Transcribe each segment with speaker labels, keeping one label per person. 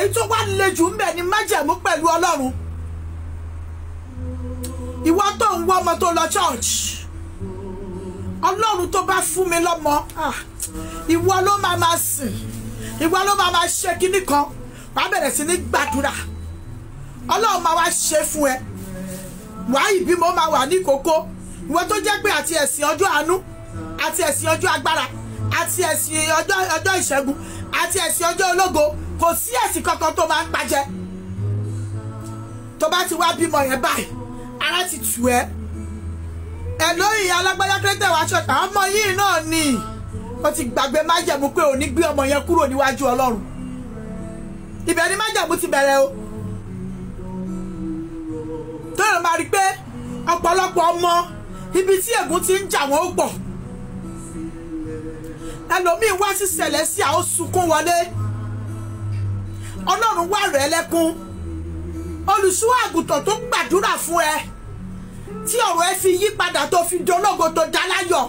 Speaker 1: èyí tó wá le jù ń bẹ̀ ni májẹ̀mú pẹ̀lú ọlọ́run ìwọ tó ń wọ́ ọmọ tó lọ church ọlọ́run tó bá fún mi lọ́mọ ah, ìwọ ló máa máa sìn ìwọ ló máa máa ṣe kinní kan wàá bẹ̀rẹ̀ sí ní gbàdúrà ọlọ́run máa wá ṣe fún ẹ wàá ìbímọ máa wà ní kókó ìwọ tó jẹ́ pé àti ẹ̀sìn ọjọ́ àánú àti ẹ̀sìn ọjọ́ agbára àti ẹ̀sìn ọjọ́ ìṣẹ́gun àti ẹ̀sìn ọjọ́ ológo kò sí ẹ̀sìn kankan tó máa ń pàjẹ́ tó bá ti wá bímọ yẹn báyìí ara ti tù ẹ́ ẹ lórí ìyá alágbájá kẹ́tẹ́ wá ṣọ́ọ̀tà ọmọ yìí náà ni ó ti gbàgbé májẹ̀mú pé ò gbé ọmọ yẹn kúrò níwájú ọlọ́run ibẹ̀ ni májẹ̀mú ti bẹ̀rẹ̀ o tọ́lọ̀ máa rí pé ọ̀pọ̀lọpọ̀ ọmọ ibi tí ègún ti ń jà wọ́n pọ̀ ẹlòmíín wá sí sẹ̀lẹ̀ sí àwọn sunkún wọlé ọlọ́run wá rẹ̀ lẹ́kún olùṣọ́ àgùntàn tó gbàdúrà fún ẹ tí ọ̀rọ̀ ẹ fi yí padà tó fi dológo tó dáláyọ̀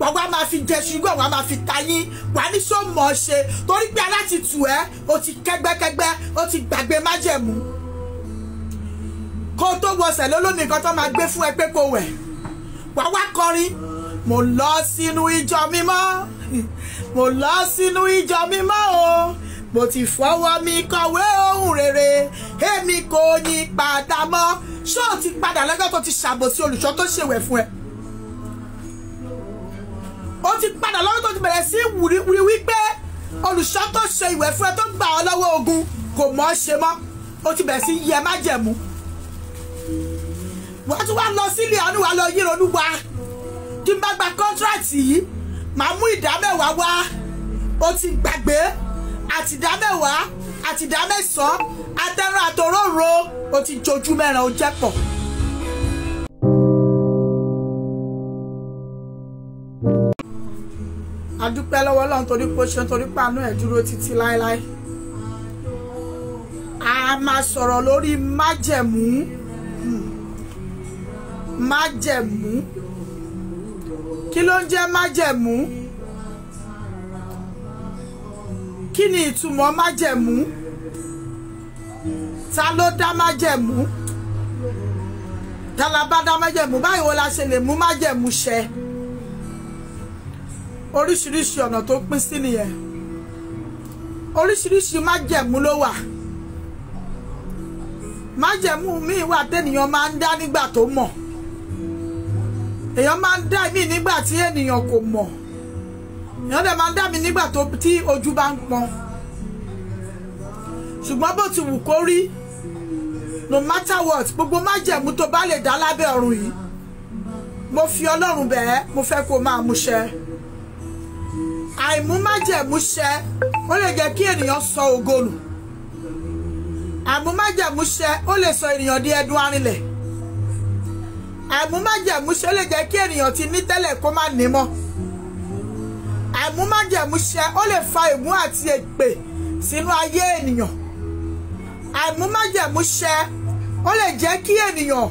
Speaker 1: wà wá máa fi jẹ ṣùgbọ́n wà máa fi ta yín wà ní sọ mọ̀ ọ́ ṣe torí pé aláti tù ẹ́ o ti kẹ́gbẹ́kẹ́gbẹ́ o ti gbàgbé májẹ̀mú kó o tó wọṣẹ̀ lólómi nǹkan tó máa gbé fún ẹ pé kó wẹ̀ wà wá kọrin mo lọ sínú ìjọ mímọ́ mo lọ sínú ìjọ mímọ́ o mo ti fọwọ́ mi kọ̀wé ohun rere èmi kò yí padà mọ́ ṣó o ti padà lọ́jọ́ tó ti ṣàbòsí olùṣọ́ tó ṣèwẹ̀ fún ẹ o ti padà lọ́jọ́ tó ti bẹ̀rẹ̀ sí wùrí wípé olùṣọ́ tó ṣe ìwẹ̀ fún ẹ tó gbà ọ́ lọ́wọ́ ogun kò mọ̀ ọ́ ṣe mọ́ o ti bẹ̀rẹ̀ sí yẹ májẹ̀mú wọ́n tún wá lọ sílé ọ̀nù wa lọ yí ronú wa tí n bá gba kọ́ńtíráàtì yìí màá mú ìdá mẹ́wàá wá o ti gbàgbé àtìdámẹ́wàá àtìdámẹ́sàn àtẹran àtòróró o ti jojú mẹ́ran o jẹ́ pọ̀. a dúpẹ́ lọ́wọ́ Ọlọ́run torí pé ó ṣe torí pàánù ẹ̀ dúró títí láéláé a máa sọ̀rọ̀ lórí májẹ̀mú hmm. májẹ̀mú kí ló ń jẹ́ májẹ̀mú. Hmm. kí ni ìtumọ̀ májẹ̀mú ta ló dá májẹ̀mú ta la bá dá májẹ̀mú báyìí wo la ṣe lè mú májẹ̀mú ṣẹ oríṣiríṣi ọ̀nà tó pín sí nìyẹn oríṣiríṣi májẹ̀mú ló wà májẹ̀mú míì wà tẹ́nìyàn máa ń dá nígbà tó mọ̀ èèyàn máa ń dá míì nígbà tí ènìyàn kò mọ̀ èèyàn dẹ̀ máa ń dá mi nígbà tí ojú bá ń pọn ṣùgbọ́n bó ti wù kó rí no matter what gbogbo májẹ̀mú tó bá lè dá lábẹ́ ọ̀run yìí mo fi ọlọ́run bẹ̀ẹ́ mo fẹ́ kó máa mú ṣẹ àìmú májẹ̀mú ṣẹ ó lè jẹ́ kí ènìyàn sọ ògo nù àìmú májẹ̀mú ṣẹ ó lè sọ ènìyàn di ẹdun arinlẹ̀ àìmú májẹ̀mú ṣẹ ó lè jẹ́ kí ènìyàn ti ní tẹ́lẹ̀ kó má ní mọ́ àìmúmájẹ̀múṣẹ ó lè fa ègún àti èpè sínú ayé ènìyàn àìmúmájẹ̀múṣẹ ó lè jẹ́ kí ènìyàn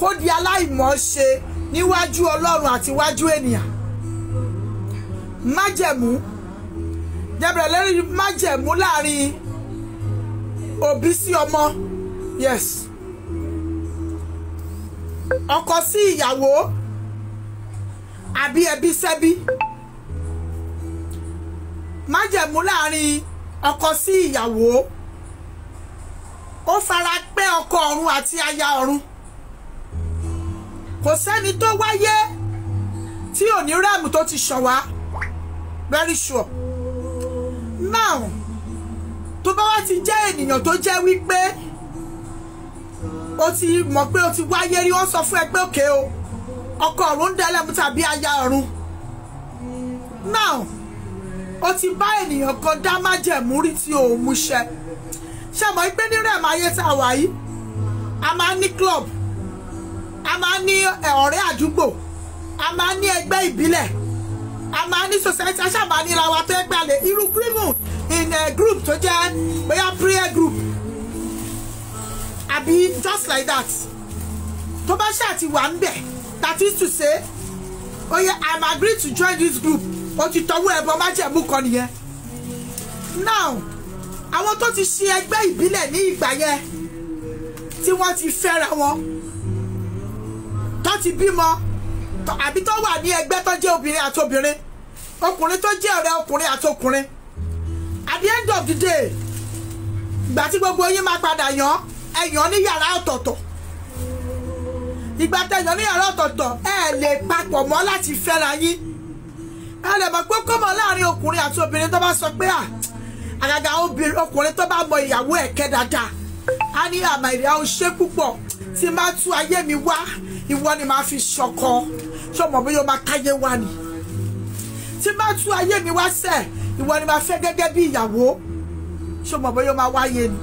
Speaker 1: kó di aláìmọ̀ọ́ṣe níwájú ọlọ́run àti wájú ènìyàn májẹ̀mú jẹ́bẹ̀rẹ̀ lórí májẹ̀mú láàrin òbí sí ọmọ yes ọkọ sí ìyàwó àbí ẹbí sẹ́bí májẹ̀mú láàrin ọkọ sí ìyàwó ó fara pẹ́ ọkọ ọ̀run àti aya ọ̀run kò sẹ́ni tó wáyé tí ò ní rẹ́ẹ̀mù tó ti ṣàn wá very sure now tó bá wá ti jẹ́ ènìyàn tó jẹ́ wípé o ti mọ̀ pé o ti wáyé rí wọ́n sọ fún ẹ òkè o ọkọ ọ̀run ń dẹ́lẹ́mú tàbí aya ọ̀run now ó ti bá ènìyàn kan dá májẹ̀mú rí tí òun mú ṣẹ ṣe mọ̀ pé nírú ẹ̀ máa yé tá a wà yìí a máa ní club a máa ní ọ̀rẹ́ àdúgbò a máa ní ẹgbẹ́ ìbílẹ̀ a máa ní society a ṣáà máa ní ra wa tó ẹgbẹ́ àlè irú grímù in a group tó jẹ́ bóyá prayer group àbí just like that tó bá ṣáà ti wà ń bẹ̀ that is to say oye oh yeah, I'm agree to join this group ó ti tọwọ́ ẹbọ májẹ̀mú kan nìyẹn now àwọn tó ti ṣe ẹgbẹ́ ìbílẹ̀ ní ìgbà yẹn tí wọ́n ti fẹ́ra wọn tó ti bímọ àbí tó wà ní ẹgbẹ́ tó jẹ́ obìnrin àti obìnrin ọkùnrin tó jẹ́ ọ̀rẹ́ ọkùnrin àti ọkùnrin at the end of the day ìgbà tí gbogbo yín máa padà yàn ẹ yàn ní yàrá ọ̀tọ̀ọ̀tọ̀ ìgbà tẹ̀yàn ní yàrá ọ̀tọ̀ọ̀tọ̀ ẹ lè papọ̀ mọ́ láti fẹ́ra yín ẹ lè mọ̀ pé kọ́mọ láàrin ọkùnrin àti obìnrin tó bá sọ pé à ah, àgàgà obìnrin ọkùnrin tó bá mọ ìyàwó ẹ̀kẹ́ dáadáa á ní àmà ah, ìrìà ó púpọ̀ tí máa tú ayé mi wá ìwọ ni máa fi ṣọkọ ṣọmọ bí yóò máa káyé wá ni tí máa tú ayé mi wá sẹ ìwọ ni máa fẹ́ gẹ́gẹ́ bí ìyàwó ṣọmọ bí yóò máa wáyé ni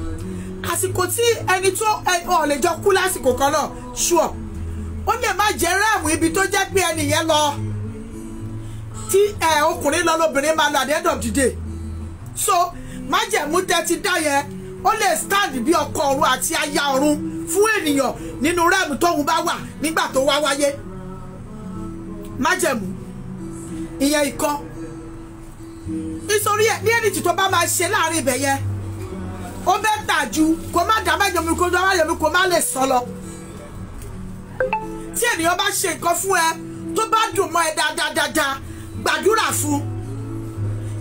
Speaker 1: àsìkò tí ẹni tó ọ̀ lè jọ kú lásìkò kan náà ṣùọ́ ó lè má jẹ́ rẹ́ẹ̀mù ibi tó jẹ́ pé ẹnìyẹn lọ tí eh, ọkùnrin lọ lóbìnrin máa lọ at the end so májẹ̀mú tẹ́ ti dá yẹn ó lè stand bí ọkọ ọ̀run àti aya ọ̀run fún ènìyàn nínú rẹ́ẹ̀mù tóun bá wà nígbà tó wá wáyé májẹ̀mú ìyẹn ìkan nítorí ẹ ní ẹni tí tó bá máa ṣe láàrin ibẹ̀ yẹn ó bẹ́ tà ju kó má dá májẹ̀mú kó dá májẹ̀mú kó má lè sọ lọ tí ènìyàn bá ṣe nǹkan fún ẹ tó bá dùn mọ́ ẹ dáadáa dáadáa gbàdúrà fún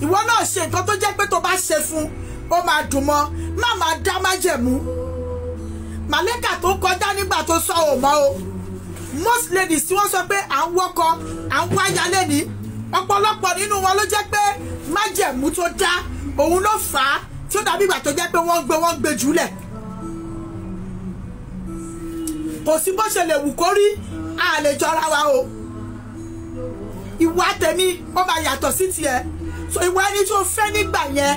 Speaker 1: ìwọ náà ṣe nǹkan tó jẹ́ pé tó bá ṣe fún ó máa dùn mọ́ má máa dá májẹ̀mú màlẹ́kà tó kọjá nígbà tó sọ ò mọ́ o most ladies tí wọ́n sọ pé à ń wọ́kọ à ń wáyà lẹ́ni ọ̀pọ̀lọpọ̀ nínú wọn ló jẹ́ pé májẹ̀mú tó dá òun ló fà á tí ó dàbí ìgbà tó jẹ́ pé wọ́n gbé wọ́n gbé jùlẹ̀ kò sí bó ṣe lè wù kó rí a lè wa o ìwà tèmi ó máa yàtọ̀ sí tiẹ̀ so ìwà ẹni tó fẹ́ nígbà yẹn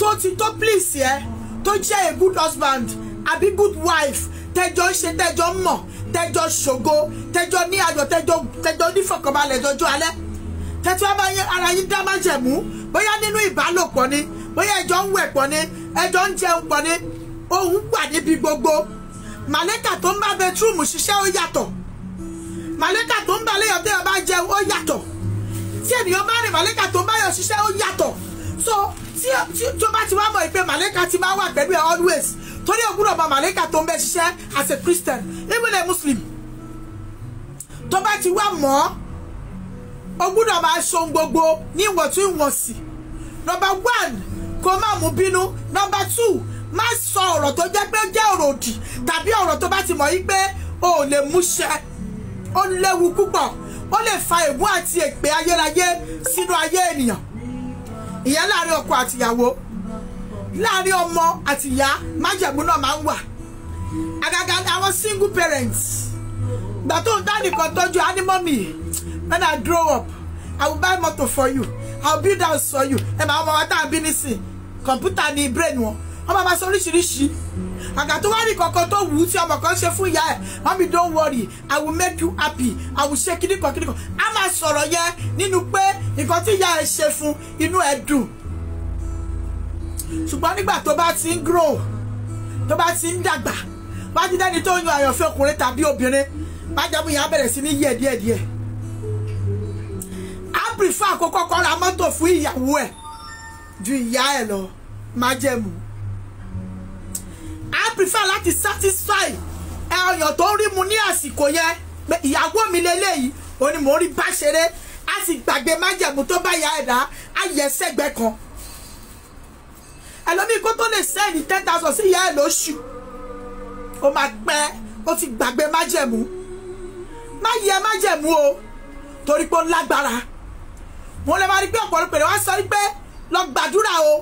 Speaker 1: tó ti tó please yẹ tó jẹ́ a good husband àbí good wife tẹjọ ń ṣe tẹjọ ń mọ̀ tẹjọ ṣògo tẹjọ ní ayọ̀ tẹjọ tẹjọ nífọ̀kànbalẹ̀ dọjọ́ alẹ́ tẹtí wọn bá ara yín dá májẹ̀mú bóyá nínú ìbálòpọ̀ ni bóyá ẹjọ́ ń wẹ̀ pọ̀ ni ẹjọ́ ń jẹun pọ̀ ni òun wà níbi gbogbo màlẹ́kà tó ń bá bẹtúrúmù ṣiṣẹ́ ó yàtọ̀ màlẹ́kà tó ń balẹ̀ yàn téèyàn bá ó yàtọ̀ tí ènìyàn bá rìn màlẹ́kà tó ń bá yàn ṣiṣẹ́ ó yàtọ̀ so tí tó bá ti wá mọ̀ ìpè màlẹ́kà ti máa wà pẹ̀lú ẹ̀ always torí o gbúdọ̀ màlẹ́kà tó ń bẹ ṣiṣẹ́ as a Christian even a Muslim tó bá ti wá mọ̀ o gbúdọ̀ máa ṣohun gbogbo ní ìwọ̀ntúnwọ̀nsì number one kó má mú bínú number two má sọ ọ̀rọ̀ tó jẹ́ pé ó jẹ́ ọ̀rọ̀ tàbí ọ̀rọ̀ tó bá ti mọ̀ yí pé o ò lè múṣẹ́ ó léwu púpọ̀ ó lè fa ègún àti èpè ayérayé sínú ayé ènìyàn ìyẹn láàrin ọkọ àtìyàwó láàrin ọmọ àtìyá májẹ̀mú náà máa ń wà àgàgà àwọn single parents gbà tó ń dá nìkan tọ́jú ánímọ́mì when I grow up I will buy motor for you I will build house for you ẹ̀ máa ọmọ wa tá a bí nísìn kọ̀ǹpútà ní brain wọn wọ́n máa ma sọ oríṣiríṣi àgbà tó wá rí kankan tó wù ú tí ọmọ kan ṣe fún ìyá ẹ̀ mọ́mí don't worry i will make you happy i will ṣe kíníkan kíníkan a máa sọ̀rọ̀ yẹn nínú pé nǹkan tí ìyá ẹ̀ ṣe fún inú ẹ̀ dùn ṣùgbọ́n nígbà tó bá ti ń grow tó bá ti ń dàgbà bá ti dẹ́ni tó yan àyànfẹ́ ọkùnrin tàbí obìnrin májàmú yẹn á bẹ̀rẹ̀ sí ní yẹ̀ díẹ̀díẹ̀ á prefer àkókò kọ́ra mọ́tò fún ìyàwó ẹ̀ ju ìyá ẹ̀ lọ májẹ̀mú I prefer láti satisfy ẹ̀yàn tó rí mu ní àsìkò yẹn pé ìyàwó mi lélẹ́yìí ó ní mò ń rí bá ṣeré a sì gbàgbé májẹ̀mú tó bá ya ẹ̀dá á yẹ sẹ́gbẹ́ kan ẹlòmíì kó tó lè sẹ́ẹ̀nì ten thousand sí ìyá ẹ̀ lóṣù ó máa pẹ́ ó ti gbàgbé májẹ̀mú má yẹ májẹ̀mú o torí pé ó lágbára mo lè máa rí pé ọ̀pọ̀lọpọ̀ èrè wá sọ wípé lọ gbàdúrà o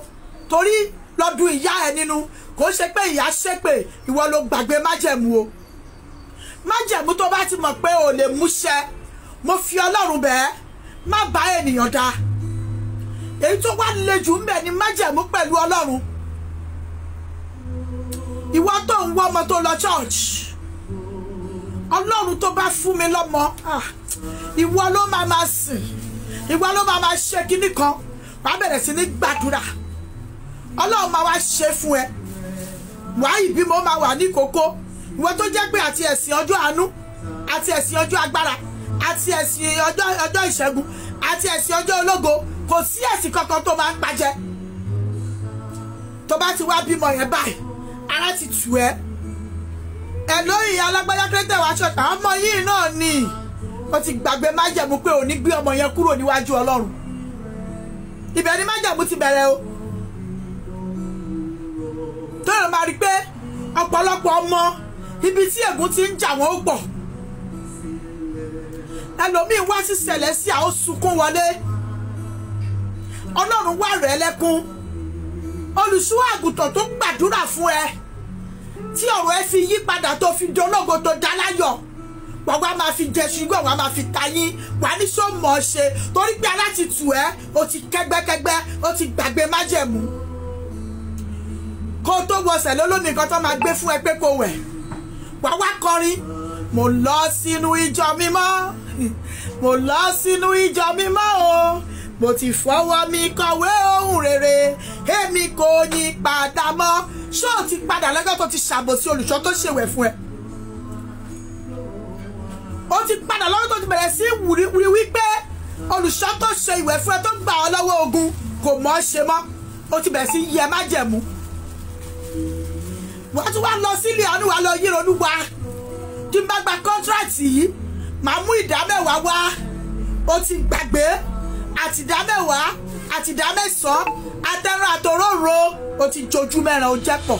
Speaker 1: torí lọ du ìyá ẹ̀ nínú kò ṣe pé ìyá ṣépè ìwọ ló gbàgbé májẹ̀mú o májẹ̀mú tó bá ti mọ̀ pé ò lè múṣẹ mo fi ọlọ́run bẹ́ẹ̀ má bá ènìyàn dá èyí tó wá le jù ń bẹ ni májẹ̀mú pẹ̀lú ọlọ́run ìwọ tó ń wọ ọmọ tó lọ church ọlọ́run tó bá fún mi lọ́mọ ah, ìwọ ló máa máa sìn ìwọ ló máa máa ṣe kinní kan wàá bẹ̀rẹ̀ sí ní gbàdúrà ọlọ́run máa wá ṣe fún ẹ wàá ìbímọ máa wà ní kókó ìwọ tó jẹ́ pé àti ẹ̀sìn ọjọ́ àánú àti ẹ̀sìn ọjọ́ agbára àti ẹ̀sìn ọjọ́ ìṣẹ́gun àti ẹ̀sìn ọjọ́ ológo kò sí ẹ̀sìn kankan tó máa ń pàjẹ́ tó bá ti wá bímọ yẹn báyìí ara ti tù ẹ́ ẹ lórí alágbájá kérésìtẹ wàá ṣọta ọmọ yìí náà ni ó ti gbàgbé májẹ̀mú pé ò ní gbé ọmọ yẹn kúrò níwájú Ọlọ́run ibẹ̀ ni májẹ̀mú ti bẹ̀rẹ̀ o tọ́lọ̀ máa rí pé ọ̀pọ̀lọpọ̀ ọmọ ibi tí ègún ti ń jà wọ́n ó pọ̀ ẹlòmíín wá sí ṣẹlẹ̀ sí àwọn sunkún wọlé ọlọ́run wá rẹ̀ lẹ́kún olùṣọ́ tó gbàdúrà fún ẹ tí ọ̀rọ̀ ẹ fi yí padà tó fi dológo tó dá láyọ̀ wà wá máa fi jẹṣu igbó wà máa fi ta yín wà ní sọ mọ̀ ọ́ ṣe torí pé aláti tù ẹ́ o ti kẹ́gbẹ́kẹ́gbẹ́ o ti gbàgbé májẹ̀mú kó tó wọṣẹ̀ lólómi nǹkan tó máa gbé fún ẹ pé kó wẹ̀ wá wá kọrin mo lọ sínú ìjọ mímọ́ mo lọ sínú ìjọ mímọ́ o mo ti fọwọ́ mi kọ̀wé ohun rere èmi kò yí padà mọ́ ṣó o ti padà lọ́jọ́ tó ti ṣàbòsí olùṣọ́ tó ṣèwẹ̀ fún ẹ o ti padà lọ́jọ́ tó ti bẹ̀rẹ̀ sí wíwí wípé olùṣọ́ tó ṣe ìwẹ̀ fún ẹ tó gbà ọ́ lọ́wọ́ ogun kò mọ̀ ọ́ ṣe mọ́ o ti bẹ̀rẹ̀ sí yẹ májẹ̀mú wà á tún wá lọ sílé ọ̀nù wà lọ yín ronú wa tí n bá gba kọ́ńtíráàtì yìí màá mú ìdámẹ́wàá wá o ti gbàgbé àti ìdámẹ́wàá àti ìdámẹ́sàn-án adẹ́rùn àtòróró o ti jojú mẹ́rin o jẹ́ pọ̀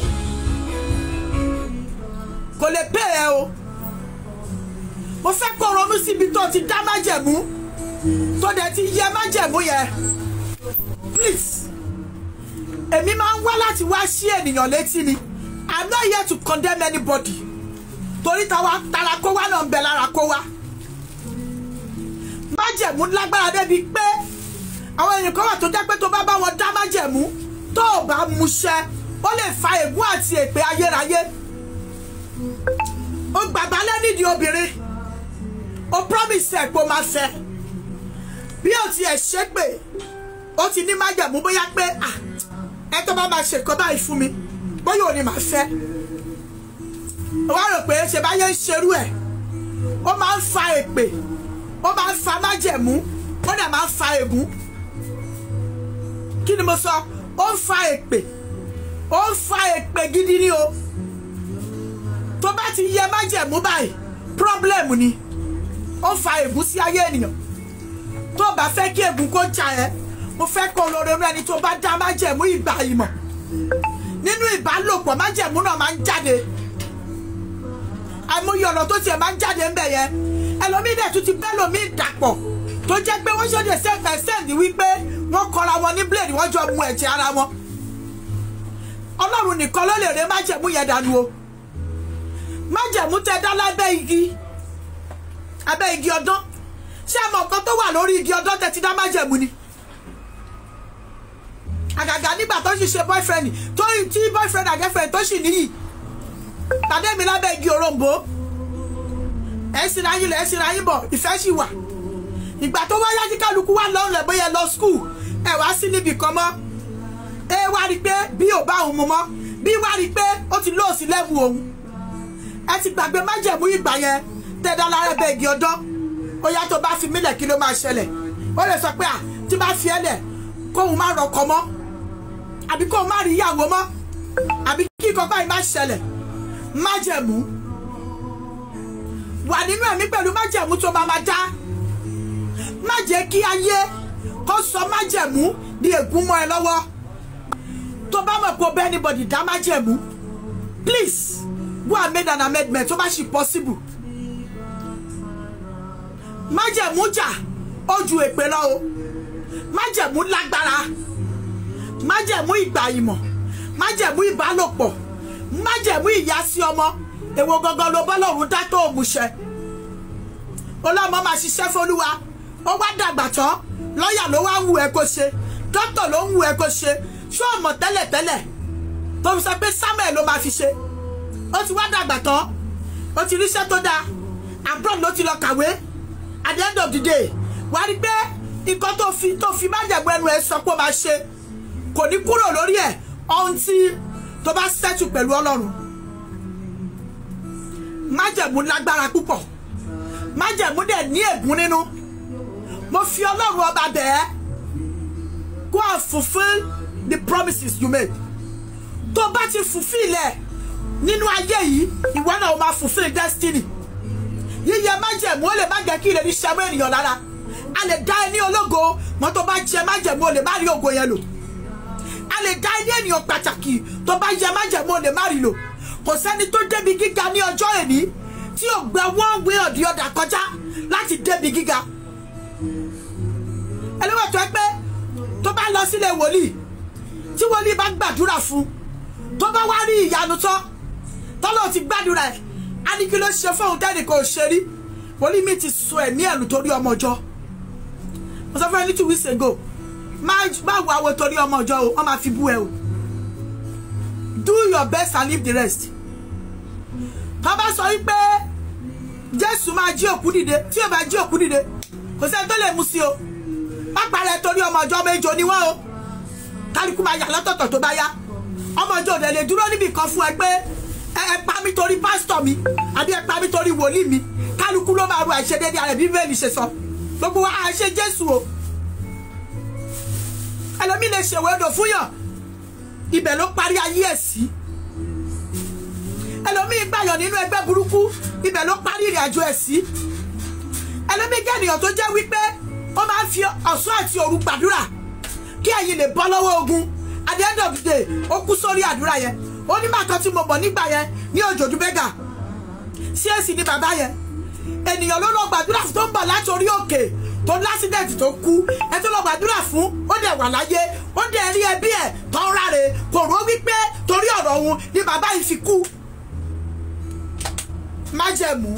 Speaker 1: kò lè pè é o mo fẹ́ kó ronú síbi tó ti dá májẹ̀mú tó dẹ̀ ti yẹ májẹ̀mú yẹn please èmi máa ń wá láti wá sí ènìyàn létí ni am not here to condemn anybody torí tàwa tara kó wá náà ń bẹ lára kó wá májẹ̀mú lágbára débi pé àwọn ènìyàn kan wà tó jẹ́ pé tó bá bá wọn dá májẹ̀mú tó o bá múṣẹ ó lè fa ègún àti èpè ayérayé ó gbàgbá lẹ́nìdìí obìnrin ó promise ẹ̀ pé ó máa fẹ́ bí ó ti ẹ̀ ṣépè ó ti ní májẹ̀mú bóyá pé ah, ẹ tó bá máa ṣèkọ́ báyìí fún mi bóyá òní màá fẹ́ wọ́n rò pé ṣe báyé ń ṣerú ẹ̀ ó máa ń fa èpè ó máa ń fa májẹ̀mú ó dà máa ń fa ègún kí ni mo sọ ó ń fa èpè ó ń fa èpè gidi ni o tó bá ti yẹ májẹ̀mú báyìí pírọ́blẹ̀mù ni ó ń fa ègún sí ayé ènìyàn tó bá fẹ́ kí ègún kó jà ẹ́ mo fẹ́ kó lóore ẹni tó bá dá májẹ̀mú ìgbà ìmọ̀ nínú ìbálòpọ̀ májẹ̀mú náà máa ń jáde àìmọye ọ̀rọ̀ tó tiẹ̀ máa ń jáde ń bẹ̀ yẹn ẹlòmíì dẹ̀ tún ti bẹ́ẹ̀ dàpọ̀ tó jẹ́ pé wọ́n ṣẹ̀dẹ̀ sẹ́ǹkà sẹ́ǹdì wípé wọ́n kọra wọn ní blade wọ́n jọ mu ẹ̀jẹ̀ ara wọn ọlọ́run nìkan ló lè rẹ́ májẹ̀mú yẹn dànù o májẹ̀mú tẹ dá lábẹ́ igi abẹ́ igi ọdán ṣé àmọ̀ kan tó wà lórí igi ọdán tẹ ti dá májẹ̀mú ni àgàgà nígbà tó sì ṣe boyfriend tó tí boyfriend àgẹ́fẹ̀ẹ́ tó sì níyì tàdémi lábẹ́ igi òrombó ẹ̀ sinra yín lọ ẹ̀ sinra yín bọ̀ ìfẹ́ sì wà ìgbà tó wáyá kí kálukú wá lọ́rùn ẹ̀ bóyá lọ skul ẹ̀ wá sí níbì kan mọ́ ẹ wá rí i pé bí ò bá òun mu mọ́ bí wá rí i pé ó ti lóòsì lẹ́wù òun ẹ ti gbàgbé májẹ̀mú ìgbà yẹn tẹ̀dá lára ẹbẹ̀ igi ọdọ́ ó yá tó bá fi mílẹ̀ kí ló máa ṣẹlẹ̀ ó lè sọ pé à tí bá fi ẹ lẹ̀ kóun má rọkọ mọ́ àbí kó o má rí ìyàwó mọ́ àbí kíkọ báyìí má ṣẹlẹ̀ májẹ̀mú wà nínú ẹ̀mí pẹ̀lú májẹ̀mú tó máa máa dá má jẹ́ kí ayé kó sọ májẹ̀mú di ègún mọ́ ẹ lọ́wọ́ tó bá mọ̀ pé bẹ́ anybody dá májẹ̀mú please go and make an amendment tó bá ṣì possible májẹ̀mú jà ó ju èpè lọ májẹ̀mú lágbára májẹ̀mú ìgbà ìmọ̀ májẹ̀mú ìbálòpọ̀ májẹ̀mú ìyásí ọmọ èwo gangan ló bọ́lọ́run dá tó òmùṣẹ ọlọ́mọ máa ṣiṣẹ́ fọlúwa ó wá dàgbà tán lọ́ọ̀yà ló wá ń wù ẹ́ kó ṣe dókítà ló ń wù ẹ́ kó ṣe ṣó ọmọ tẹ́lẹ̀tẹ́lẹ̀ tó fi sọ pé samuel ló máa fi ṣe ó ti wá dàgbà tán ó ti ríṣẹ́ tó dáa abroad ló ti lọ kàwé at the end of the day wàá rí pé nǹkan tó fi tó fi májẹ̀mú ẹnu ẹ sọ pé ó máa ṣe kò ní kúrò lórí ẹ̀ ohun tí tó bá ṣẹ́tù pẹ̀lú ọlọ́run májẹ̀mú lágbára púpọ̀ májẹ̀mú dẹ̀ ní ègún nínú mo fi ọlọ́run ọba bẹ̀ go and fulfil the promises you made tó bá ti fulfil ẹ̀ nínú ayé yìí ìwọ náà máa fulfil destiny yíyẹ májẹ̀mú ó lè má jẹ́ kí ìlérí ṣamú ènìyàn lára a lè dá ẹ ní ológo mọ́tò bá jẹ májẹ̀mú ó lè má rí ògo yẹn lò a lè dá ilé ènìyàn pàtàkì tó bá yẹ májẹ̀mú olè má rí lò kò sẹ́ni tó débi gíga ní ọjọ́ èní tí ò gba one way or the other kọjá láti débi gíga ẹlẹ́wọ̀n tó ẹ pé tó bá lọ sílé wòlíì tí wòlíì bá gbàdúrà fún tó bá wá rí ìyanu tán tọ́lọ́ ti gbàdúrà ẹ̀ á ní kí ló ṣe fóun tẹ́nì kò ṣe rí wòlíì mi ti sọ ẹ̀mí ẹ̀ nítorí ọmọ ọjọ́ mo sọ fún ẹ ní two weeks ago má wo àwo torí ọmọ ọjọ́ o wọ́n máa fi bú ẹ o do your best and leave the rest tó bá sọ wípé jésù máa jí òkú dìde tí yóò bá jí òkú dìde kò sẹ́ni tó lè mú sí o má parẹ́ torí ọmọ ọjọ́ méjọ ni wọ́n o kálukú máa yà lọ́tọ̀ọ̀tọ̀ tó bá yá ọmọ ọjọ́ òde lè dúró níbì kan fún ẹ pé ẹ pa mí torí pásítọ̀ mi àbí ẹ pa mí torí wòlíì mi kálukú ló máa ro àìṣedéédé ara bíbélì ṣe sọ gbogbo wa jésù o ẹlòmí lè ṣèwé odò fún yàn ibẹ̀ ló parí ayé ẹ̀ sí ẹlòmí gbàyàn nínú ẹgbẹ́ burúkú ibẹ̀ ló parí ìrìn àjò ẹ̀ sí ẹlòmí jẹ́ ènìyàn tó jẹ́ wípé ó máa ń fi ọ̀sán àti òru gbàdúrà kí ẹ̀yin lè bọ́ lọ́wọ́ ogun at the end of the day ó kú sórí àdúrà yẹn ó ní bàtọ́ tí mo mọ̀ nígbà yẹn ní òjòjú bẹ́gà sí èsì ni bàbá yẹn ènìyàn ló lọ gbàdúrà tó ń bọ̀ láti orí òkè tó lásídẹ̀tì tó kú ẹ tó lọ gbàdúrà fún ó dẹ̀ wà láyé ó dẹ̀ rí ẹbí ẹ̀ tọ́ra rẹ̀ kò rò wípé torí ọ̀rọ̀ òun ni bàbá yìí fi kú májẹ̀mú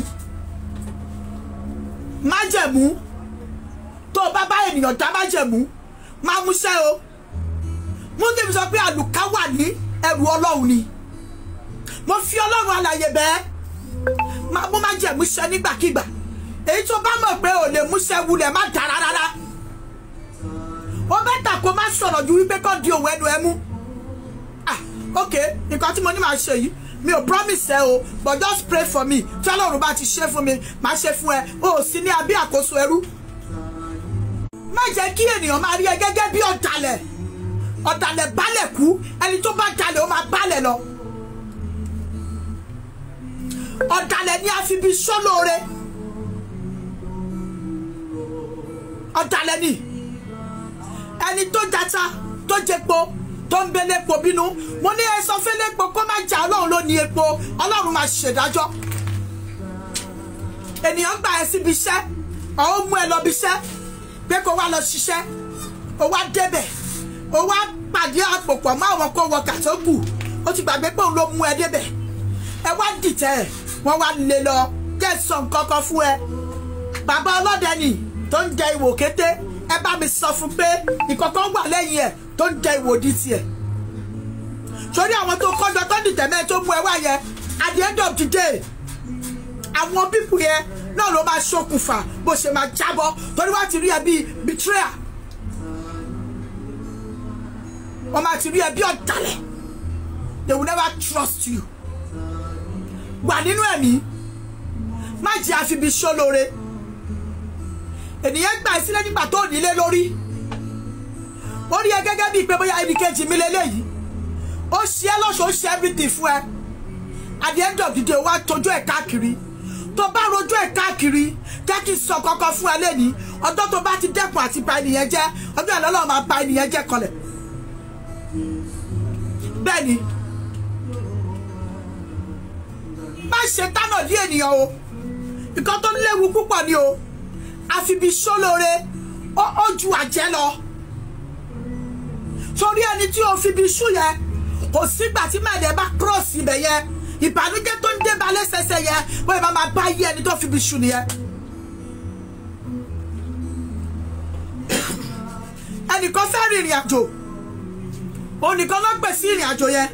Speaker 1: májẹ̀mú tó bá bá ènìyàn dá májẹ̀mú máa múṣẹ́ o múndínlẹ̀ sọ pé àlùká wà ní ẹrù ọlọ́run ni mo fi ọlọ́run alàyè bẹ́ẹ̀ mo máa jẹ̀mú ṣe nígbàkigbà èyí tó bá mọ̀ pé ò lè múṣẹ́ wulẹ̀ má dára rárá ó bẹ́tà kó má sọ̀rọ̀ ju wípé kó di òun ẹnu ẹ mú ah ok nǹkan tí mo ní máa ṣe yìí mi ò promise ẹ o but just pray for me tí ọlọ́run bá ti ṣe fún mi máa ṣe fún ẹ o ò sí ní abẹ́ àkóso ẹrú má jẹ́ kí ènìyàn máa rí ẹ gẹ́gẹ́ bí ọ̀dàlẹ̀ ọ̀dàlẹ̀ balẹ̀ kú ẹni tó bá dalẹ̀ ó máa balẹ̀ lọ ọ̀dàlẹ̀ ni a fi bí sọ́lóore. So ọ̀dàlẹ̀ ni ẹni tó jata tó jẹpo tó ń bẹ lẹ́po bínú mo ní ẹ sọ fẹ́ lẹ́po kó má jà ọlọ́run ló ní epo ọlọ́run máa ṣèdájọ́ ènìyàn gbà ẹ síbi iṣẹ́ ọ̀hún mú ẹ lọ bí iṣẹ́ pé kó wá lọ ṣiṣẹ́ ó wá débẹ̀ ó wá pàdé àpòpọ̀ mọ́ àwọn kó wọkà tó kù ó ti gbàgbé pé òun ló mú ẹ débẹ̀ ẹ wá dìtẹ̀ wọ́n wá lè lọ jẹ́ sọ nǹkan kan fún ẹ bàbá ọlọ́dẹ nìyí tó ń jẹ ìwò kété ẹ bá mi sọ fún pé ìkọ̀kọ̀ wà lẹ́yìn ẹ̀ tó ń jẹ ìwò di tiẹ̀ sórí àwọn tó kọjọ tó dìtẹ̀ mẹ́rin tó mú ẹ wá yẹn at the end of the day àwọn pípù yẹn náà ló máa ṣokùnfà bó ṣe máa jábọ́ torí wá ti rí ẹ bíi betrayal wọ́n máa ti rí ẹ bí ọ̀dàlẹ̀ they will never trust you wà nínú ẹ̀mí má jẹ́ àfi bí ṣólóore ènìyàn gbà ẹ́ sílẹ̀ nígbà tó nílé lórí ó rí ẹ gẹ́gẹ́ bíi pé bóyá ẹnìkejì mi lélẹ́yìí ó ṣe é lọ́sọ̀ọ́ ó ṣe everything fún ẹ at the end of the day wá tójú ẹ̀ káàkiri tó bá rojú ẹ̀ káàkiri jẹ́ kí n sọ kankan fún ẹ lẹ́ni ọjọ́ tó bá ti dẹ́kun àti bà ènìyàn jẹ́ ọjọ́ ìlọ́lọ́ máa bà ènìyàn jẹ́ kọlẹ̀ bẹ́ẹ̀ ni má ṣe tánà lé ènìyàn o nǹkan tó léwu púpọ̀ ni o àfibi sólóore ó ju àjẹ́ lọ torí ẹni tí o fi bi sú yẹ kò sígbà tí mẹ́ẹ̀dẹ́ bá cross ibẹ̀ yẹ ìbànújẹ́ tó ń dé ba lẹ́sẹsẹ yẹ bóyá bá máa bá yí ẹni tó fi bi sú nìyẹn. ẹnìkan fẹ́ rìnrìn àjò onìkan ló gbèsè ìrìn àjò yẹn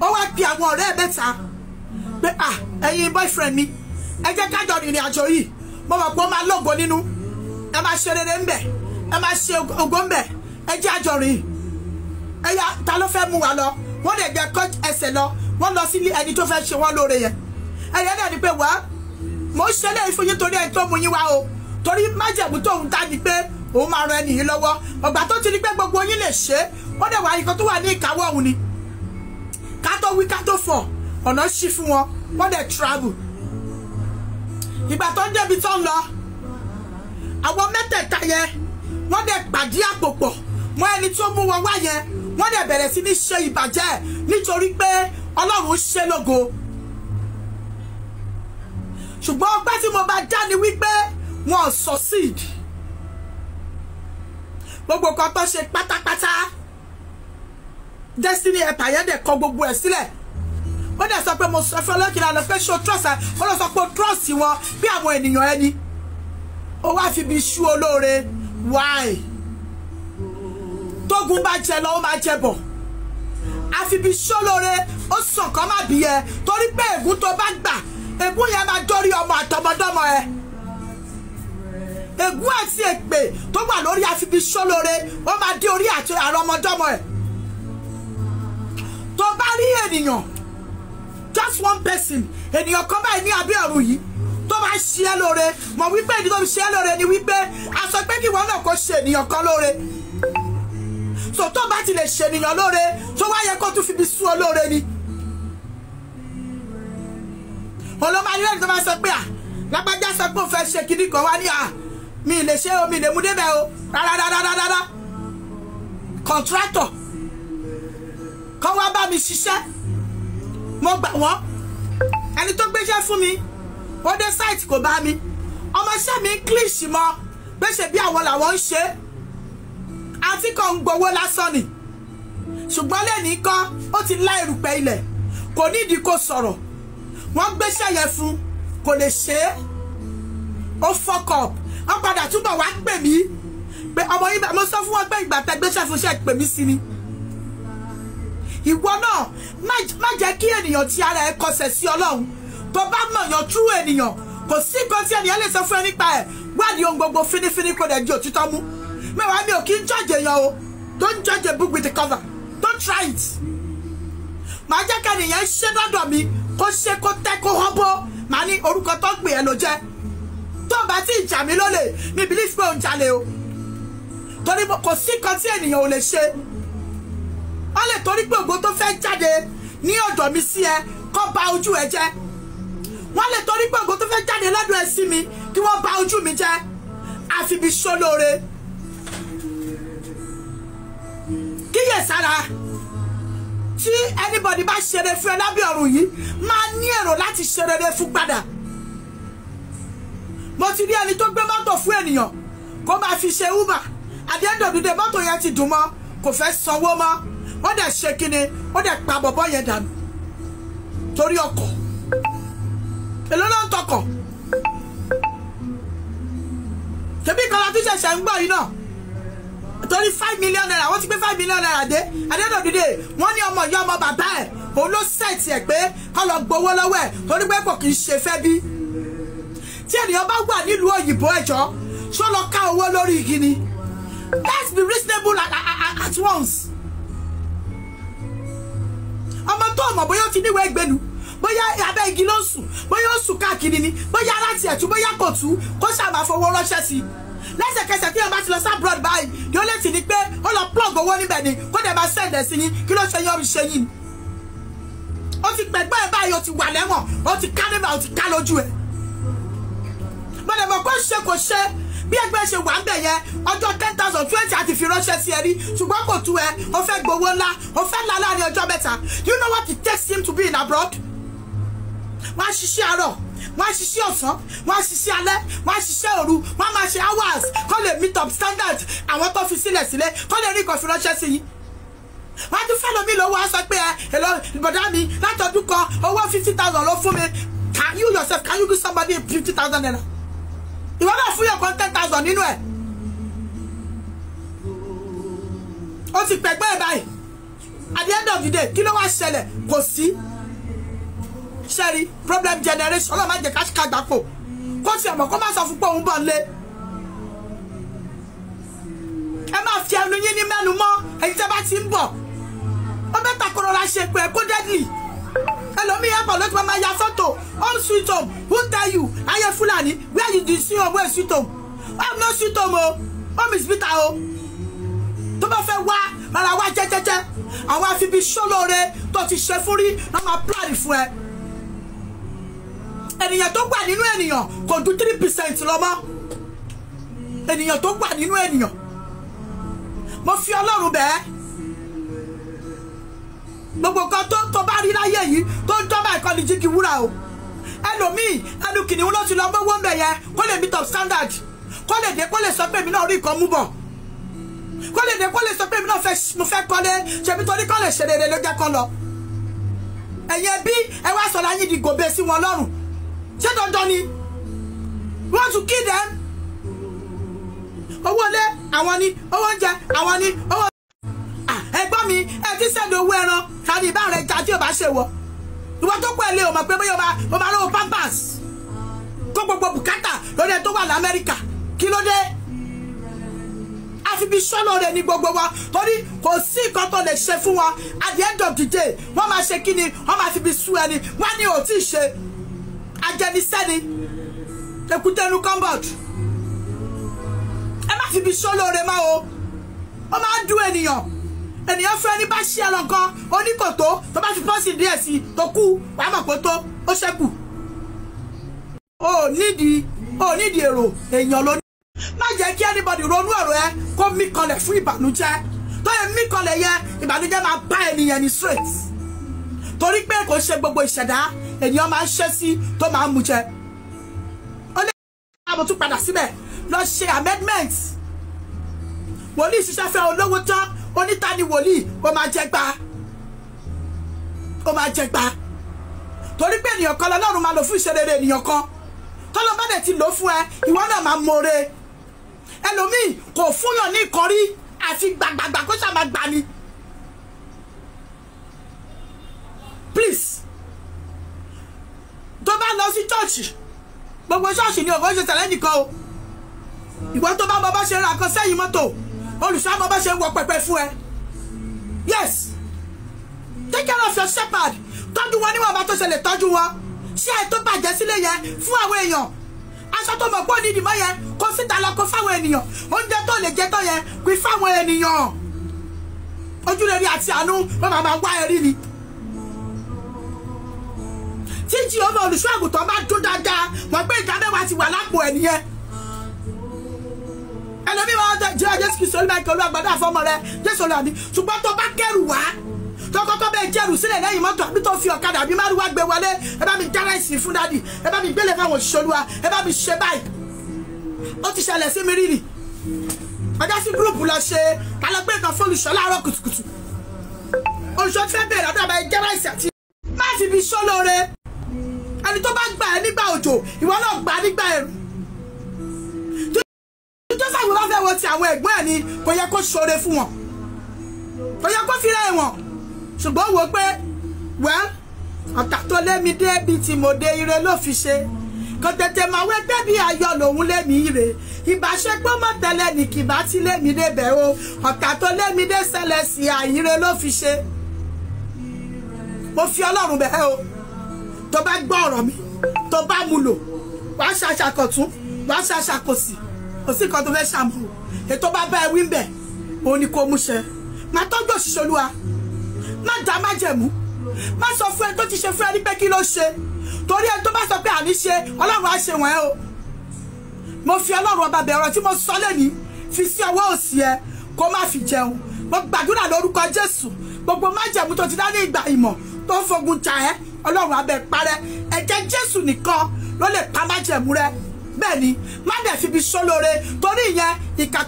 Speaker 1: ó wá pe àwọn ọ̀rẹ́ ẹ̀ mẹ́ta pé ẹ̀yin boyfriend mi ẹ jẹ́ ká jọ rìnrìn àjò yìí mo mọ̀ pé ó máa lógo nínú ẹ máa ṣe rere ń bẹ̀ ẹ máa ṣe ògo ń bẹ̀ ẹ jẹ́ àjọrìn ẹ yá ta ló fẹ́ mú wa lọ wọ́n lè jẹ́ kọ́ ẹsẹ̀ lọ wọ́n lọ sí ẹni tó fẹ́ ṣe wọ́n lóore yẹn ẹ̀yẹ́ náà ni pé wá mo ṣe léyìí fún yín torí ẹni tó mú yín wá o torí májẹ̀mú tóun ta ni pé òun máa ran ẹnìyí lọ́wọ́ ọ̀gbà tó ti ní pé gbogbo yín lè ṣe é ó dẹ̀ wá nǹkan tó wà ní ìkáwọ́ òun ni ká tó wí ká tó fọ̀ ọ̀nà ṣí fún wọn wọ́n dẹ̀ travel ìgbà tó ń débi tó ń lọ àwọn mẹ́tẹ̀ẹ̀ta yẹn wọ́n dẹ̀ pàdé àpò pọ̀ mọ́ ẹni tó mú wọn wá yẹn wọ́n dẹ̀ bẹ̀rẹ̀ sí ní ṣe ìbàjẹ́ nítorí pé ọlọ́run ṣe lógo ṣùgbọ́n ọgbẹ́ tí mo bá já ni wípé wọn ò succeed gbogbo kan tó ṣe pátápátá destiny ẹ̀pà yẹn dẹ̀ kọ gbogbo ẹ̀ sílẹ̀ ó dẹ̀ sọ pé mo sọ fún ọlọ́kìnrin àlọ́ pé ṣó trust ẹ ó lọ sọ pé trust wọn bí àwọn ènìyàn ẹni ó wá fi bí ṣú olóore why tógun bá jẹ lọ ó máa jẹ bọ̀ àfi bí ṣó lóore ó sàn kọ́ má bí ẹ torí pé ègún tó bá gbà ègún yẹn máa dórí ọmọ àtọmọdọ́mọ ẹ ègún àti èpè tó wà lórí àfibi sólóore ó máa dé orí àti àrọmọdọ́mọ tó bá rí ènìyàn just one person ènìyàn kan báyìí ní abẹ́ ọ̀run yìí tó bá ṣe é lóore mọ̀ wípé ìdí tó fi ṣe é lóore ni wípé a sọ pé kí ìwọ náà kó ṣe ènìyàn kan lóore so tó bá ti lè ṣe ènìyàn lóore tó wá yẹ kó tún fi bí sú ọ lóore ni olómarí lẹ́nu tó bá sọ pé à lágbájá sọ pé òun fẹ́ ṣe kíní kan wá ní à mi lè ṣe o mi lè mú débẹ̀ o rárárárárá kọ̀ntrátọ̀ kọ́ wá bá mi ṣiṣẹ́ mo gbà wọ́n ẹni tó gbéṣẹ́ fún mi ó dé sáìtì kò bá mi ọmọọṣẹ́ mi ń kílìṣì mọ́ gbéṣẹ́ bí àwọn làwọn ń ṣe àti kan ń gbowó lásán ni ṣùgbọ́n lẹ́nìí kọ́ ó ti lá erùpẹ̀ ilẹ̀ kò nídìí kó sọ̀rọ̀ wọ́n gbéṣẹ́ yẹn fún kò lè ṣe é ó fọ́kọ̀ wọ́n padà túbọ̀ wá pè mí pé ọmọ yìí mo sọ fún wọn pé ìgbà tẹ gbéṣẹ́ fún ṣe pè mí sí ni ìwọ náà má jẹ́ kí ènìyàn ti ara ẹ kọsẹ̀ sí ọlọ́run tó bá mọ̀ yan tú ènìyàn kò sí nǹkan tí ènìyàn lè sọ fún ẹ nípa ẹ wádìí ohun gbogbo fínífíní kó dẹ̀ di òtítọ́ mú mẹ́wàá mi ò kí ń jọ́jẹ̀ yan o don't judge a book with the cover don't try it màá jẹ́ kẹ́ni yẹn ṣe dọ́dọ̀ mi kó ṣe kó tẹ́ kó hán bó màá ní orúkọ tó gbé ẹ ló jẹ́ tó bá ti jà mí lólè mi bìlí fún òun jalè o torí kò sí nǹkan tí ènìyàn ò lè ṣe wọ́n lè torí pé ògo tó fẹ́ jáde ní ọ̀dọ̀ mi sí ẹ kó ba ojú ẹ jẹ́ wọ́n lè torí pé ògo tó fẹ́ jáde lọ́dọ̀ ẹ sí mi kí wọ́n ba ojú mi jẹ́ àfibi sólóore kíyèsára tí anybody bá ṣe fún ẹ lábẹ́ ọ̀run yìí máa ní èrò láti ṣe rere fún padà mo ti rí ẹni tó gbé mọ́tò fún ènìyàn kó máa fi ṣe uber àdéhùn dòdò mọ́tò yẹn ti dùn mọ́ kò fẹ́ sanwó mọ́ ó dẹ̀ ṣe kíni ó dẹ̀ pa bọ̀bọ̀ yẹn dànù torí ọkọ̀ èló ló ń tọkọ̀ tèmi kan la ṣẹ̀ṣẹ̀ ń gbọ́ yìí náà torí five million naira wọ́n ti gbé five million naira dé adédọ̀dúdé wọ́n ní ọmọ ìyá ọmọ bàbá ẹ̀ òun ló sẹ̀tì ẹ̀ pé kọ́ lọ gbowó lọ́wọ́ ẹ̀ torí pé kò kì í ṣe fẹ́ bí tí ènìyàn bá wà nílùú òyìnbó ẹ̀jọ́ ṣó lọ ká owó lórí igi ni let's be reasonable at, at, at once tó mọ̀ bóyá ó ti níwèé gbénu bóyá abẹ́ igi ló sùn bóyá ó sùn káàkiri ni bóyá láti ẹ̀tú bóyá kò tú kó sábà fowó ránṣẹ́ sí i lẹ́sẹ̀kẹsẹ̀ tí ọba ti lọ sá broad báyìí ni ó lè tì ní pé ó lọ plug owó níbẹ̀ ni kó dẹ̀ máa sẹ̀dẹ̀ sí yín kí ló ṣe yín ọ̀rùn ṣe yín ni ó ti pẹ̀gbẹ́ ẹ̀ báyìí ó ti wà lẹ́wọ̀n ó ti ká níbà ó ti ká lójú ẹ̀ mo mọ̀ kó ṣe kò ṣe bí ẹgbẹ́ ṣe wà ń bẹ̀ yẹn ọjọ́ ten thousand twenty àti fi ránṣẹ́ sí ẹ rí ṣùgbọ́n kò tu ẹ o fẹ́ gbowó ńlá o fẹ́ ńlá láàrin ọjọ́ mẹ́ta you know what it takes him to be in abroad wọ́n á ṣiṣẹ́ àárọ̀ wọ́n á ṣiṣẹ́ ọ̀sán wọ́n á ṣiṣẹ́ alẹ́ wọ́n á ṣiṣẹ́ òru wọ́n á máa ṣe hours kó lè meet up standard àwọn tó fi sílẹ̀ sílẹ̀ kó lè rí ìkànfi ránṣẹ́ sí yìí wọ́n á tún fẹ́ lómi lówó á sọ pé ẹ èlò bọ̀dá mi látọdún kan owó fifty thousand ló fún mi can you yourself can you give somebody fifty thousand naira ìwọ bá fún yọkan ten thousand nínú ẹ̀ ó ti pẹ̀gbẹ́ ẹ̀ báyìí at the end of the day kí ló wá ṣẹlẹ̀ kò sí sẹ́rí problem generation ọlọ́run má jẹ́ ká ṣìkà gbàpò kó tiẹ̀ mọ̀ kó má sọ fún pé òun bọ̀ ń lé ẹ má fi ẹnu yín ní mẹ́nu mọ́ ẹ̀yin tẹ́ bá ti ń bọ̀ ó bẹ́ẹ̀ takọrọra ṣe pé kó deadly ẹlòmíì airport ló ti máa ya fọ́tò home sweet home who tell you ayé fúlàní where you dey see home wey sweet home home no sweet home o home is bitter o tó bá fẹ́ wá rárá wá jẹ́jẹ́jẹ́ àwọn afibi sólóore tó ti ṣe fún rí náà máa plan fún ẹ ènìyàn tó wà nínú ènìyàn kò ju three percent lọ mọ́ ènìyàn tó wà nínú ènìyàn mo fi ọlọ́run bẹ́ẹ̀ gbogbo kan tó tó bá rí láyé yìí tó ń jọba ìkọlù jíkì wúrà o ẹlòmíì ẹnu kìnìún ló ti lọ gbówó ń bẹ̀ yẹn kó lè meet up standard kó lè dé kó lè sọ pé èmi náà rí nǹkan mú bọ̀ kó lè dé kó lè sọ pé èmi náà mo fẹ́ kọ́lé ṣèbí torí kọ́ lè ṣe rere ló jẹ́ kọ́ lọ ẹ̀yin ẹbí ẹ wá sọ̀rọ̀ ayé di gòbè sí wọn lọ́rùn ṣé dandan ni wọ́n tún kí dẹ́n owó ilé àwọn ni owó oúnjẹ àwọn ni owó ah, ẹ̀gbọ́n mi ẹ ti sẹ́ni owó ẹran ní ìbá rẹ̀ jà tí ò bá ṣe wọ ìwọ tó pẹ́ lé o mọ̀ pé bóyá o máa lọ́wọ́ pampers kó gbogbo bùkátà lórí ẹ tó wà lamẹ́ríkà kí ló dé àfibi sọ́nà rẹ̀ ní gbogbo wa torí kò sí nǹkan tó lè ṣe fún wa at the end of máa ṣe kí ni wọ́n máa fi bi sú ẹni wọ́n ní ò tí ì ṣe ajẹnisẹ́ni ekutẹnu combat ẹ má fi bi sọ́nà rẹ̀ máa o ó máa dún ènìyàn ènìyàn fẹ́ ní bá ṣí ẹ lọ gan oníkòtó tó bá fi pọ́sì díẹ̀ sí i tó kú wàá mọ̀ pé tó ó ṣẹ́kù. o nídìí o nídìí èrò èèyàn ló ní. má jẹ́ kí anybody ronú ọ̀rọ̀ ẹ kó mí kanlẹ̀ fún ìbànújẹ́ tó yẹ mí kanlẹ̀ yẹ ìbànújẹ́ máa bá ènìyàn ní straight. torí pé kò ṣe gbogbo ìṣẹ̀dá ènìyàn máa ń ṣe sí tó máa ń mu jẹ. ó lè ṣe àbòtún padà síbẹ̀ lọ ṣe amendment wòlíì ṣiṣẹ́ fẹ́ olówó onítàní wòlíì ó máa jẹ gba ó máa jẹ gba torí pé ènìyàn kan lọ́lọ́run máa lò fún ìṣerere ènìyàn kan tọ́lọ́ bá dẹ̀ ti lò fún ẹ ìwọ náà máa mọ̀ọ́re ẹlòmíì kò fúnyàn ní ìkọrí àfi gbàgbàgbà kó sàmà gbà ni please tó bá lọ sí chọ́ọ̀chì gbogbo chọ́ọ̀chì ni òfò ṣe tẹ̀lé nìkan o ìwọ tó bá bọ́ bá ṣe ra kan sẹ́yìn mọ́tò olùṣọ́mọ bá ṣe ń wọ pẹpẹ fún ẹ yes take care of your shepherd tọ́jú wọn níwọ̀n bá tó ṣe lè tọ́jú wọn ṣé ẹ tó bàjẹ́ sílé yẹn fún àwọn èèyàn aṣọ tó mọ̀ pé òní ìdìmọ́ yẹn kó síta lọ kó fáwọn ènìyàn oúnjẹ tó lè jẹ tó yẹn pín fáwọn ènìyàn ojúrere àti àánú wọn máa máa wá ẹrí ni tí jí ọmọ olùṣọ́ àgùntàn bá dún dáadáa nàìjíríà jésù kìí sọlá ìkẹlú àgbàdo àfọmọ rẹ jésù olùwàbí ṣùgbọ́n tó bá kẹrù wá tọkọtọ bẹẹ jẹrù sílẹ̀ lẹ́yìn mọ́tò àbí tó fi ọ̀kadà àbí márùwá gbé wọlé ẹ bá mi dára ìsìn fún dádì ẹ bá mi gbélé fáwọn òṣìṣẹ́ olúwa ẹ bá mi ṣe báyìí ó ti ṣẹlẹ̀ sí mi rírì ọjọ́ sí gúrùpù lọ ṣe kálọ́gbé kan fún olùṣọ́ láàárọ̀ kùtùkùtù olùṣọ́ tí fẹ́ bẹ̀rẹ̀ ọ̀dọ́ àbáyé jẹ́ ráìsì àti má fi bí sólóore ẹni tó bá gbà ẹ́ nígbà òjò ìwọ náà gbà nígbà ẹ̀rù sí àwọn ẹ̀gbọ́n ẹ̀ ni kò yẹ kó ṣoore fún wọn kò yẹ kó fira ẹ̀wọ̀n ṣùgbọ́n wò pé wẹ́n ọ̀tà tó lémi dé ibi tí mo dé ire ló fi ṣe kò tètè máa wẹ́ débi ayọ̀ lòun lémi ire ìbáṣe pé tẹ́lẹ̀ ní kì bá ti lémi dé bẹ̀ o ọ̀tà tó lémi dé ṣẹlẹ̀ sí àyíre ló fi ṣe mo fi ọlọ́run bẹ̀ o tó bá gbọ́ ọ̀rọ̀ mi tó bá mu lò wàá ṣàṣàkọ̀tún wàá ṣàṣàkọ̀sì kò sí nǹkan tó fẹ́ ṣàmù o ètò bá bá ẹ wí bẹ̀ òun ni kò múṣẹ máa tọ́jú òṣìṣẹ́ olúwa má dá má jẹ̀mú má sọ fún ẹ tó ti ṣe fún ẹ ní pé kí ló ṣe torí ẹ tó bá sọ pé àní ṣe ọlọ́run á ṣe wọ́n ẹ o mo fi ọlọ́run ọba bẹ̀ ọ̀rọ̀ tí mo sọ lẹ́ni fi sí ọwọ́ òsì ẹ kó má fi jẹun mo gbàdúrà lórúkọ jésù gbogbo májẹ̀mú tó ti dá ní ìgbà ìmọ̀ tó ń fogun jà ẹ́ ọlọ́run abẹ́ parẹ́ ẹ̀jẹ̀ jésù nìkan ló lè pa májẹ̀mú rẹ́ bẹ́ẹ̀ ni má dẹ̀ fi ibi sólóore torí ìyẹn ìkà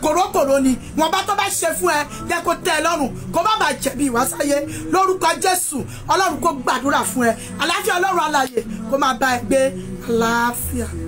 Speaker 1: ni wọn bá tó bá ṣe fún ẹ jẹ́ kó tẹ́ ẹ lọ́rùn kó má bàa jẹ̀bi ìwásáyé lórúkọ Jésù Ọlọ́run kó gbàdúrà fún ẹ àlàáfíà Ọlọ́run alààyè kó máa bá ẹ gbé àlàáfíà.